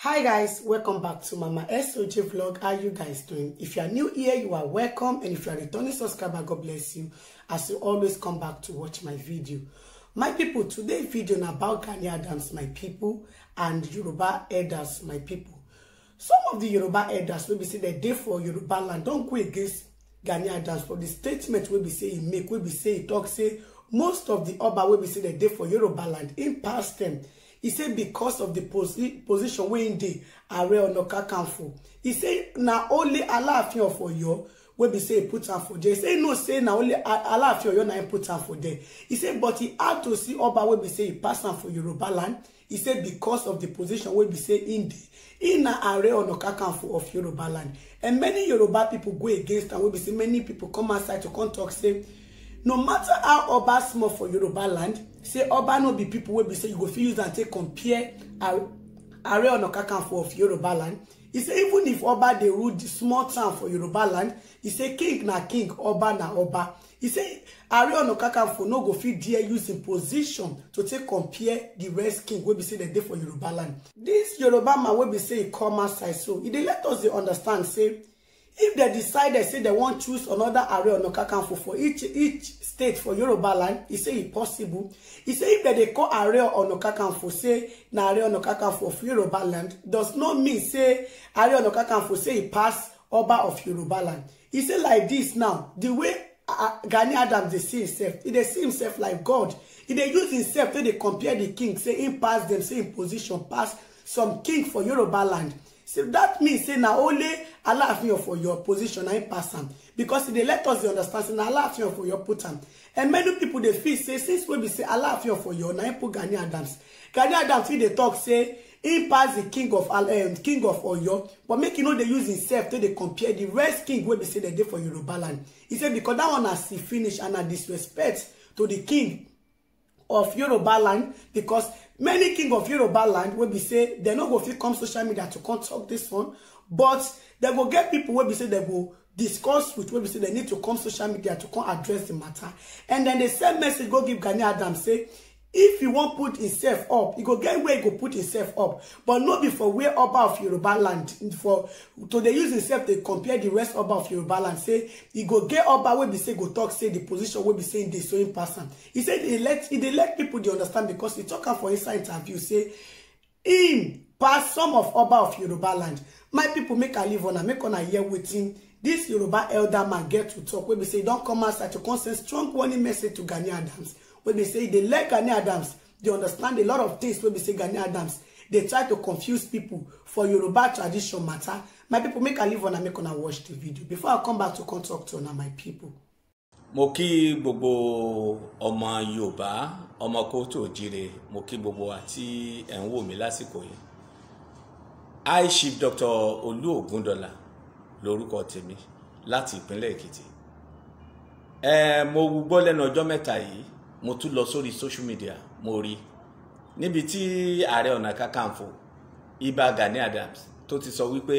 hi guys welcome back to mama soj vlog how you guys doing if you are new here you are welcome and if you are returning subscriber god bless you as you always come back to watch my video my people today video na about Gani Adams my people and Yoruba elders my people some of the Yoruba elders will be say dem dey for Yoruba land Don't go against Gani Adams for the statement will be say e make will be say e talk say most of the Oba will be say dem dey for Yoruba land in past dem He said because of the posi position wey im dey aare onakakanfo He said now only alaafin of oyo wey be say put am for there He say no say now only Allah alaafin you na im put am for there He said but he had to see oba wey be say e pass am for yoruba land e say becos of the position wey be say in the in na aare onakakanfo of yoruba land and many yoruba people go against and wey be say many people come outside to come tok say no matter how oba small for yoruba land say oba no be people wey be say you go fit use am take compare Ààrẹ Ọ̀nà for of Yoruba land. He say even if Oba dey rule the small town for Yoruba land, he say king na king, Oba na Oba. He say Ààrẹ Ọ̀nà for no go fit dare use im position to take compare the rest king wey be say dem dey for Yoruba land. This Yoruba man wey be say e come outside so, e dey let us dey understand say if they decide say they want choose another area on kakanfo for each each state for yoruba land e say e possible say if they dey call area on kakanfo say na area on kakanfo of yoruba land does not mean say area on kakanfo say he pass oba of yoruba land e say like this now The way uh, uh, gani Adam they see himself e dey see himself like god e they use himself then they compare the king say him pass dem say in position pass some king for yoruba land so that means say now only Allah alaafin for your position na him pass am because e dey let us dey understand say na alaafin of oyo put am and many people they feel say since we be say Allah alaafin of oyo na him put gani adams gani adams fit they talk say him pass the king of um, king of oyo but make you know they use himself to they compare the rest king wey be say dem dey for yoruba land e say because that one has finished and na disrespect to the king of yoruba land because many king of yoruba land wey be say they no go fit come social media to come talk dis one but they go get people wey be say they go discuss with wey be say they need to come social media to come address the matter and then dey send message go give gani adam say if he won't put himself up he go get where he go put himself up but not before where upper of yoruba land for to dey use himself dey compare the rest upper of yoruba land say he go get upper where be say go talk say the position where be saying e dey so im pass he e say let he dey let people they understand because he talk am for inside interview say him pass some of upper of yoruba land my people make a live on. una make on a year waiting. This yoruba elder man get to talk where be say don't come outside to come send strong warning message to gani adams wey be say they like Gani Adams they understand a lot of things wey be say Gani Adams dey try to confuse people for yoruba tradition matter my people make i leave una make una watch the video before i come back to come talk to una my people. mo kí gbogbo ọmọ yorùbá ọmọ kóòtù òjire mo kí gbogbo àti ẹ̀ ń wò mí lásìkò yìí high chief dr olú ògúndọ̀là lórúkọ tèmi láti ìpínlẹ̀ èkìtì ẹ mo gbọ́ lẹ́nu ọjọ́ mẹ́ta yìí mo tún lọ sórí social media mo rí níbi tí ààrẹ ọ̀nà kakanfò ibà Gani Adams tó ti sọ wípé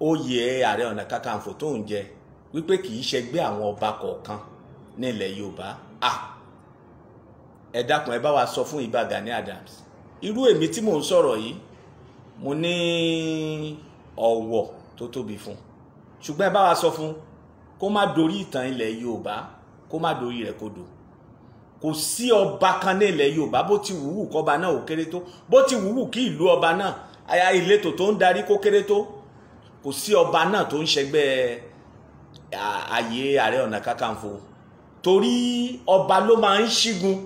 oyè ààrẹ ọ̀nà kakanfò tó ń jẹ wípé kì í ṣẹgbẹ́ àwọn ọba kọ̀ọ̀kan nílẹ̀ Yorùbá à ẹ dákun ẹ bá wa sọ fún ibà Gani Adams irú èmi tí mò ń sọ̀rọ̀ yìí mo ní ọ̀wọ̀ tó tóbi fún ṣùgbọ́n ẹ bá wa sọ fún kó má dorí ìtàn ilẹ̀ Yorùbá kó má dorí rẹ̀ kodò kò sí ọba kan ní ilẹ̀ yorùbá bó ti wùwù kọba náà ò kéré tó bó ti wùwù kí ìlú ọba náà aya ìletò tó ń darí kó kéré tó kò sí ọba náà tó ń ṣẹgbẹ́ ààyè ààrẹ ọ̀nà kakanfò torí ọba ló máa ń ṣígun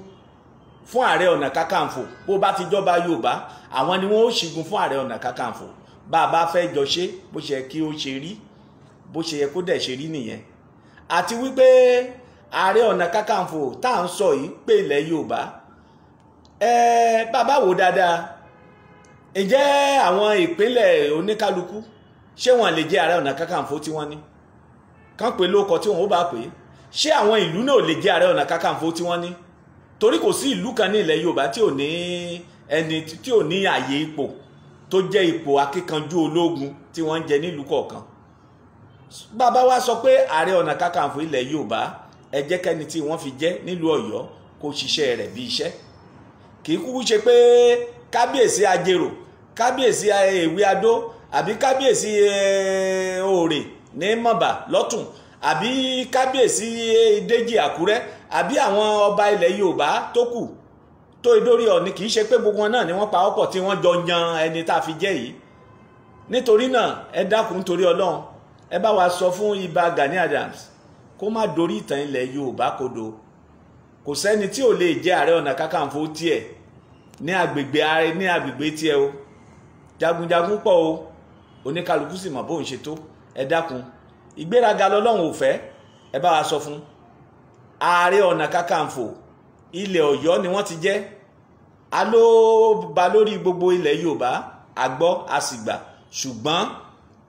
fún ààrẹ ọ̀nà kakanfò bó bá ti jọba yorùbá àwọn ni wọ́n ó ṣígun fún ààrẹ ọ̀nà kakanfò bá a bá fẹ́ jọ ṣe bó ṣe kí ó ṣe rí bó ṣe yẹ kó dẹ̀ ṣe rí nìyẹn àti wípé ààrẹ ọ̀nà kákàǹfò tá à ń sọ yìí pé ilẹ̀ yorùbá ẹ bàbá wò dáadáa ǹjẹ́ àwọn ìpínlẹ̀ oníkálukú ṣé wọ́n lè jẹ́ ààrẹ ọ̀nà kákàǹfò tí wọ́n ní kán pé lóko tí wọn ó bá pè é ṣé àwọn ìlú náà lè jẹ́ ààrẹ ọ̀nà kákàǹfò tí wọ́n ní torí kò sí ìlú kan ní ilẹ̀ yorùbá tí ò ní ẹni tí ò ní àyè ipò tó jẹ́ ipò akíkanjú ológun tí wọ́n ń jẹ nílùú kọ̀ọ̀kan bàbá wa sọ pé ààrẹ ọ̀nà kákàǹfò ilẹ̀ yorùbá ẹ jẹ́ kẹ́ni tí wọ́n fi jẹ́ nílùú ọ̀yọ́ kó ṣiṣẹ́ rẹ̀ bí iṣẹ́ kì í kúkú ṣe pé kábíyèsí ajérò kábíyèsí èwe eh, adó àbí kábíyèsí òòrè eh, ní mọ̀bà lọ́tùn àbí kábíyèsí eh, déjì àkúrẹ́ àbí àwọn ọba ilẹ̀ yorùbá tó kù tó idórí ọ̀ni kì í ṣe pé gbogbo wọn náà ni wọ́n pa ọ̀pọ̀ tí wọ́n jọ yan ẹni tá a fi jẹ́ yìí nítorí náà ẹ dákun nítorí ọlọ́run ẹ bá wa sọ fún ibà Gani Adams kó má dorí ìtàn ilẹ̀ Yorùbá kodo kò sẹ́ni tí ò lè jẹ́ ààrẹ ọ̀nà kákàǹfò tiẹ̀ ní agbègbè ààrẹ ní agbègbè tiẹ̀ o jagunjagun pọ̀ o oníkálukú sì mọ̀ bóun ṣe tó ẹ dákun ìgbéraga lọ́lọ́run ò fẹ́ ẹ bá wa sọ fún ààrẹ ọ̀nà kákàǹfò ilẹ̀ Ọ̀yọ́ ni wọ́n ti jẹ́ alóba lórí gbogbo ilẹ̀ Yorùbá àgbọ́ àsìgbà ṣùgbọ́n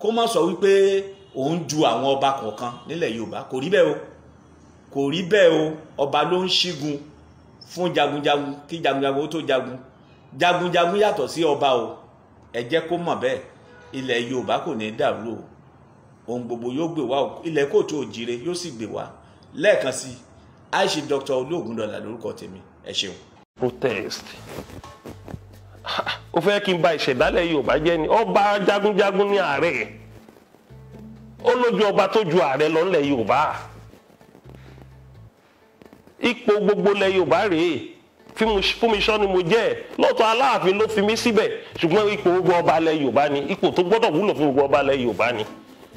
kó má sọ wípé òun ju àwọn ọba kọ̀ọ̀kan nílẹ̀ yorùbá kò rí bẹ́ẹ̀ o kò rí bẹ́ẹ̀ o ọba ló ń ṣígun fún jagunjagun kí jagunjagun ó tó jagun jagunjagun yàtọ̀ sí ọba o ẹ jẹ́ kó mọ̀ bẹ́ẹ̀ ilẹ̀ yorùbá kò ní dàrú o ohun gbogbo yóò gbè wá ilẹ̀ kóòtù òjire yóò sì gbè wá lẹ́ẹ̀kan sí i ṣe Dr. Olóògùndọ̀là lórúkọ tèmi ẹ ṣeun. protest ó fẹ́ kí n ba ìṣẹ̀dálẹ̀ yorùbá jẹ́ ni ọba jagunjagun ní ààrẹ ó lójú ọba tó ju ààrẹ lọ nílẹ̀ yorùbá ipò gbogbo lẹ̀ yorùbá rèé Fúnmiṣọ́ ni mo jẹ́ lóòótọ́ aláàfin ló fi mí síbẹ̀ ṣùgbọ́n ipò gbogbo ọba lẹ̀ yorùbá ni ipò tó gbọ́dọ̀ wúlò fún gbogbo ọba lẹ̀ yorùbá ni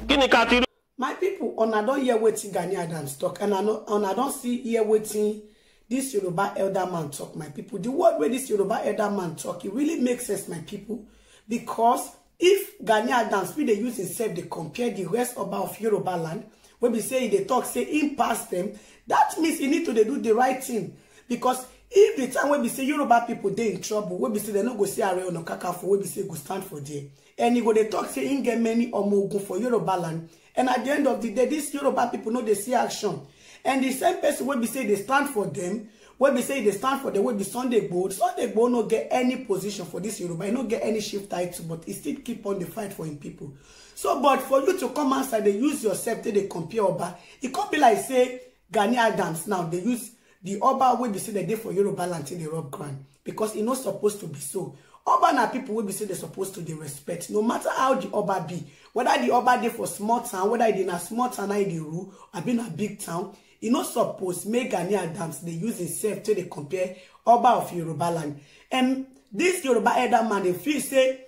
kí ni ká ti rí. my people una don hear wetin Gani Adams talk and una don see hear wetin dis yoruba elder man talk my people the word wey dis yoruba elder man talk e really make sense my people because if ghanaian adams we they use himself they compare the rest oba of yoruba land When we say they talk, say in past them, that means you need to they do the right thing because if the time wey be say yoruba people they in trouble wey be say they no go see are on kakafo wey we say go stand for there and you go they talk say in get many or omogun for yoruba land and at the end of the day dis yoruba people know they see action and the same person wey be say they stand for them wey be say e dey stand for dem wey be sunday gboo sunday gboo no get any position for this yoruba e no get any shift title but e still keep on dey fight for im pipo so but for you to come outside dey use yourself take dey compare oba e come be like say gani adams now dey use the oba wey be say dem dey for yoruba land till dey rub ground because e no suppose to be so oba na pipo wey be say dem suppose to dey respect no matter how di oba be whether di oba dey for small town whether e dey na small town na e dey rule abi na big town e no suppose make gani adams dey use himself to dey compare oba of yoruba land and this yoruba elder man dey feel say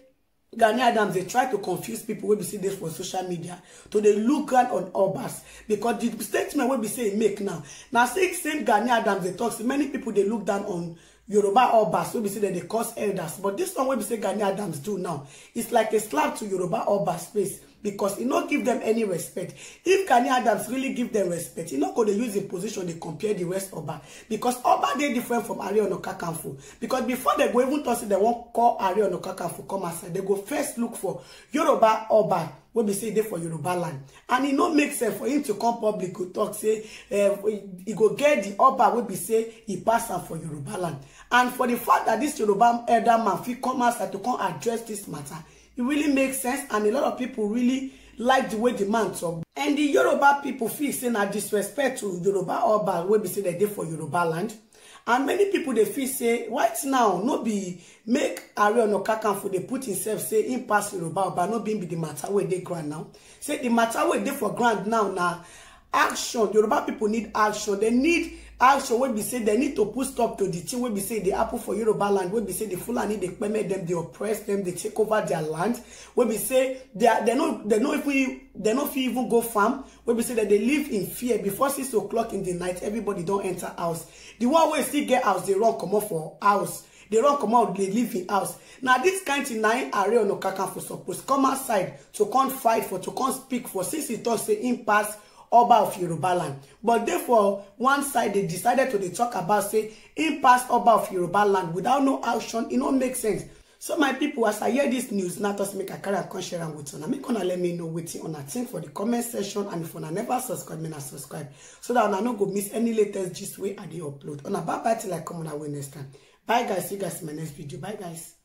gani adams dey try to confuse people wey be say dey for social media to dey look down on obas because the statement wey be say e make now na say same gani adams dey talk say many people. dey look down on yoruba obas we be say that they cause elders but this one we be say gani adams do now It's like a slap to yoruba obas face because he not give them any respect if gani adams really give them respect He not go dey use im position dey compare the west oba because oba they different from Ari Onakakanfo because before they go even talk say they won't call Ari Onakakanfo come aside. They go first look for yoruba oba wey be say e for yoruba land and it no make sense for him to come public to talk say eh, he go get the upper wey be say he pass am for yoruba land and for the fact that this yoruba elder man fit come outside to come address this matter it really make sense and a lot of people really like the way the man talk. and the yoruba people feel say a disrespect to yoruba oba wey be say dem dey for yoruba land and many people they feel say right now no be make Aare Ona for they put himself say him pass yoruba but no be the matter where they ground now say the matter where they for ground now now, action yoruba people need action They need action we be say They need to put stop to the thing We be say dey apple for yoruba land wey be say di fulani dey permit them. They oppress them. They take over their land We be say they dem no we even go farm We be say that they live in fear before six o'clock in the night everybody don't enter house The one wey still get house they run come comot for house They run come out. They live in house na dis kind are real no array for suppose come outside to come fight for to come speak for since e tok say im pass Oba of Yoruba land. But therefore, one side they decided to they talk about say in past Oba of Yoruba land without no action, it no make sense. So my people, as I hear this news, now just make a carry and share and with you. Now make gonna let me know what you on a thing for the comment section and if you never subscribe, me subscribe. So that I no go miss any latest gist way the upload. On a bye bye till I come on our next time. Bye guys, see you guys in my next video. Bye guys.